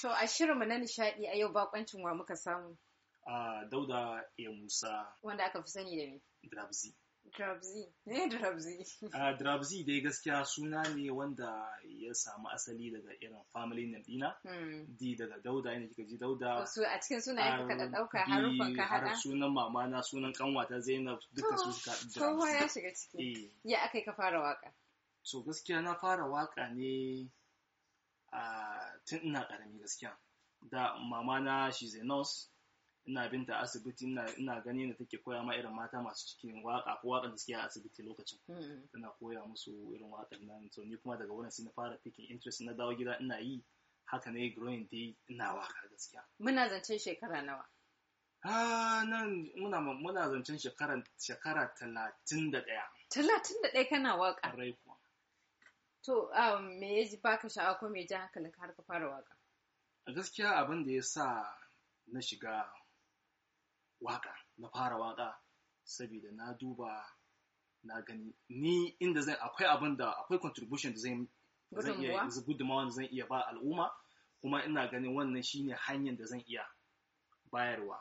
To a shirinmu na nishaɗi a yau bakoncin wa muka samu. A Dauda ya Musa. Wanda aka fi sani da me? Drabzi. Drabzi. Ne Drabzi. A Drabzi dai gaskiya suna ne wanda ya samu asali daga irin family na dina. Hmm. Di daga Dauda yana kika ji Dauda. Su a cikin sunayen ya da ɗauka harufan ka Har Sunan mama na sunan kanwata Zainab duka su suka Drabzi. Kowa ya shiga ciki. Eh. Ya aka yi ka fara waka. So gaskiya na fara waka ne tun ina ƙarami gaskiya da mama na she's a nurse ina binta asibiti ina gani da take koya ma irin mata masu cikin waka ko wakan suke a asibiti lokacin mm-hmm. tana koya musu irin wakan nan to ni kuma daga wurin sai na fara picking interest na dawo gida ina yi haka ne growing day ina waka gaskiya muna zancen shekara nawa Ah, nan muna muna zancen shekara shekara talatin da ɗaya. Talatin da ɗaya kana waƙa. To, um, me ya ji baka sha'awa ko me ya ji hankalin har ka fara waka? A gaskiya abin da ya sa na shiga waka, na fara waka, saboda na duba na gani ni inda zan akwai abin da akwai contribution da zan iya gudunmawa da zan iya ba al'umma kuma ina ganin wannan shine hanyar da zan iya bayarwa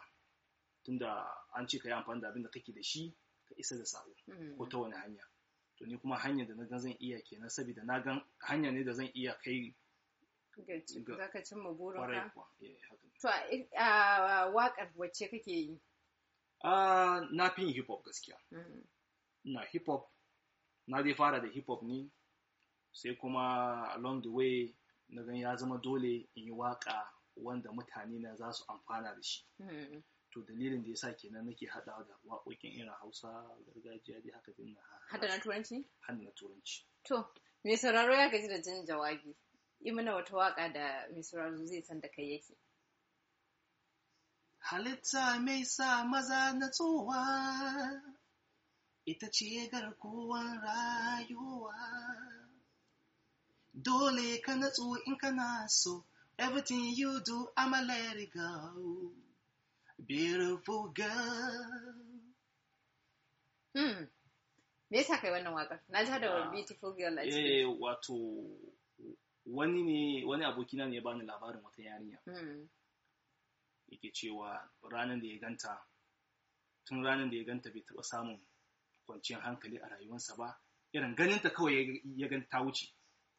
tunda an ce ka yi amfani da abin da kake da shi ka isa da sako hmm. ko ta wani hanya to ni kuma hanyar da na gan zan iya kenan saboda na gan hanya ne da zan iya kai za ka cimma kuwa. Eh, to a waƙar wacce kake yi na fi yin hip hop gaskiya mm. na hip hop na dai fara da hip hop ne sai kuma along the way na gan ya zama dole in yi waƙa wanda mutane na za su amfana da shi mm. to dalilin da yasa kenan nake haɗa da waƙoƙin irin hausa gargajiya dai haka din na hada na turanci na turanci to me sauraro ya gaji da jin jawabi yi mana wata waƙa da me sauraro zai san da kai yake halitta mai sa maza na tsowa ita ce garkuwar rayuwa dole ka natsu in kana so everything you do a let it go Beautiful girl. Hmm. Me yasa kai wannan wakar? Na ji da ah. beautiful girl a ciki. Eh, wato wani ne wani abokina ne ya bani labarin wata yarinya. Hmm. Yake cewa ranar da ya ganta tun ranar da ya ganta bai taɓa samun kwanciyar hankali a rayuwarsa ba irin ganinta kawai ya ganta wuce.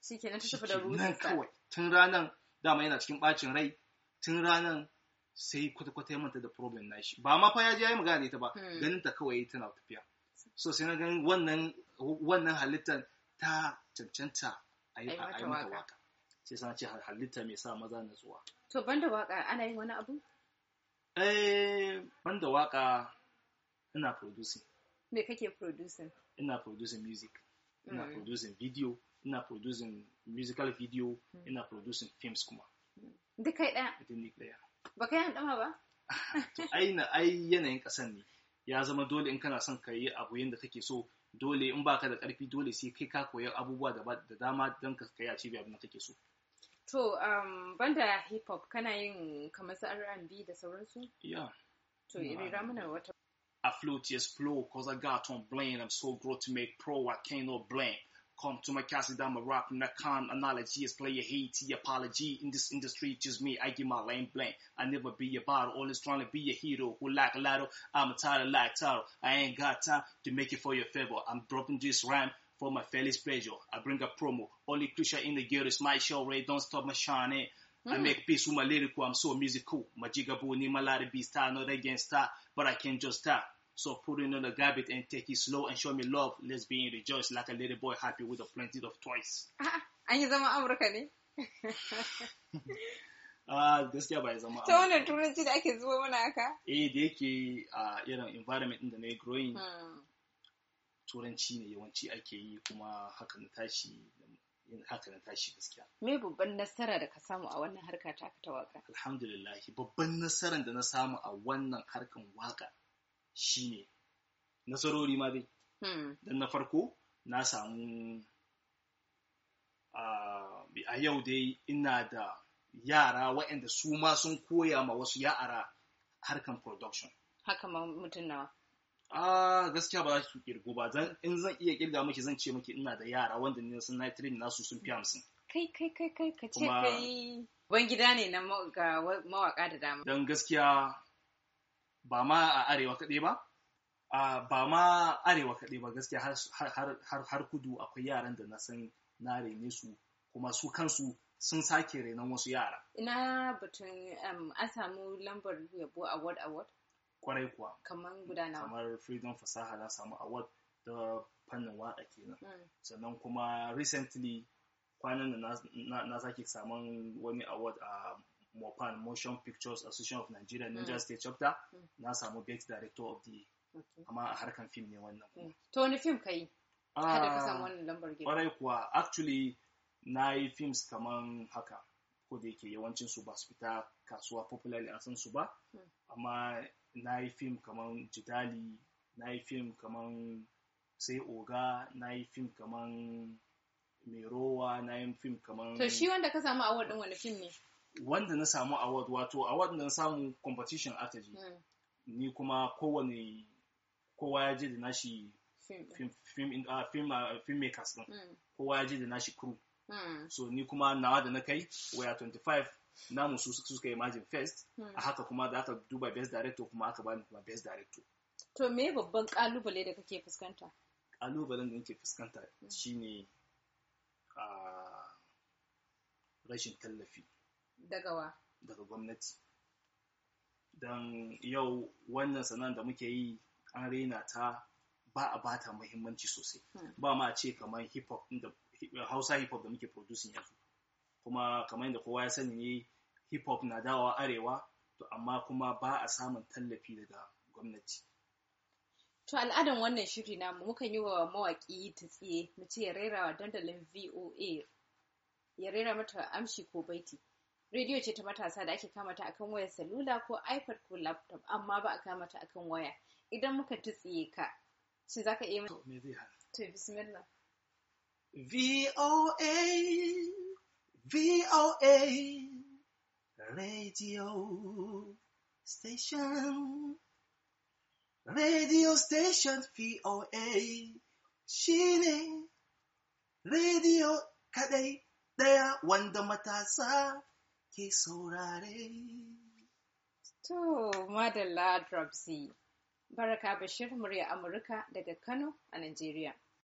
Shi kenan ta tafi da ruwa. kawai tun ranar dama yana cikin ɓacin rai tun ranar sai kwata-kwata manta da problem na shi ba ma fa ya je ya yi magana da ita ba hmm. ganin ta kawai tana tafiya so sai na ganin wannan wannan halittar ta cancanta a yi mata waka sai sana ce halitta mai sa maza natsuwa to banda waka ana yin wani abu eh banda waka ina producing me kake producing ina producing music ina hmm. producing video ina producing musical video hmm. ina producing films kuma duk kai daya duk ni daya ba yi handama ba ai na ai yanayin kasan ne ya zama dole in kana son ka yi abu yadda kake so dole in baka da karfi dole sai kai ka koyi abubuwa da dama don ka kai a cibiyar abin da kake so to um, banda hip hop kana yin kamar su R&B da sauransu yeah to rera mana wata Afloat, yes, flow, cause I got on blame. I'm so grown to make pro, I can't blame. Come to my castle, I'm a rap, and I can't acknowledge. Yes, player hate, apology. In this industry, just me, I give my lane blank. I never be a bottle, always trying to be a hero. Who like a lotto, I'm a title like Taro. I ain't got time to make it for your favor. I'm dropping this rhyme for my fellas pleasure. I bring a promo. Only creature in the guild is my show, Ray. Don't stop my shining. Mm. I make peace with my lyrical, I'm so musical. My jigaboo, need my lottery be star, not against that, but I can't just stop. So put in the garbage and take it slow and show me love. Let's be in rejoice like a little boy happy with a plenty of toys. An yi zama Amurka ne? Ah, gaskiya ba ya zama ta wannan turanci da ake zuwa mana haka eh da yake a irin environment da na yi growing hmm. turanci ne yawanci ake yi kuma haka na tashi haka na tashi gaskiya me babban nasara da ka samu a wannan harka ta ta waka alhamdulillah babban nasaran da na samu a wannan harkan waka shine nasarori ma dai hmm. don na farko na samu a yau dai ina da yara waɗanda su ma sun koya ma wasu yara harkan production haka ma mutum nawa a gaskiya ba za su kirgo ba zan in zan iya kirga miki zan ce maki ina da yara wanda ne sun na su sun fi hamsin kai kai kai kai ka ce kai ban gida ne na ga mawaka da dama don gaskiya ba ma a arewa kaɗai ba ba ma arewa kaɗai ba gaskiya har kudu akwai yaran da na san na reme su kuma su kansu sun sake renon wasu yara ina batun um, an samu lambar yabo award award kwarai kuwa kamar gudana kamar freedom fasaha na samu award da fannin waka kenan hmm. sannan kuma recently kwanan da na sake saman wani award a MOPAN Motion Pictures Association of Nigeria Niger mm. State Chapter mm. na samu Best Director of the amma a harkan fim ne wannan mm. To wani fim ka yi? Kada ka samu wannan lambar gida. Kwarai kuwa actually na yi films kaman haka ko da yake yawancin su ba su fita kasuwa popularly a san su ba amma na yi film kaman jidali na yi film kaman sai oga na yi film kaman merowa na yi fim kamar to shi wanda ka samu a wadin wani fim ne wanda na samu award wato award na samu competition aka ji hmm. ni kuma kowane kowa ya je da nashi film ah, ah, makers din hmm. kowa ya je da nashi crew hmm. so ni kuma nawa da na kai waya 25 namu su suka yi margin first a haka kuma da aka duba best director kuma aka bani kuma best director to me babban kalubale da kake fuskanta kalubalen da nake fuskanta shine ah, rashin tallafi daga wa daga gwamnati don yau wannan sana'ar da muke yi an raina ta ba a bata muhimmanci sosai hmm. ba ma ce kamar hip hop da hausa hip hop da muke producing yanzu kuma kamar da kowa ya sani ne hip hop na dawa arewa to amma kuma ba a samun tallafi daga gwamnati to al'adan wannan shiri namu mukan yi wa mawaƙi ta tsiye mu ce ya rera wa dandalin voa ya rera mata amshi ko baiti rediyo ce ta matasa da ake kamata akan wayar salula ko ipad ko laptop amma ba a kamata akan waya idan muka tutsiye ka shi zaka iya mai me zai to bismillah VOA VOA radio station radio station VOA shine radio kadai daya wanda matasa ke saurare. To, Madalla Dropsy, Baraka Bashir murya Amurka daga Kano a Najeriya.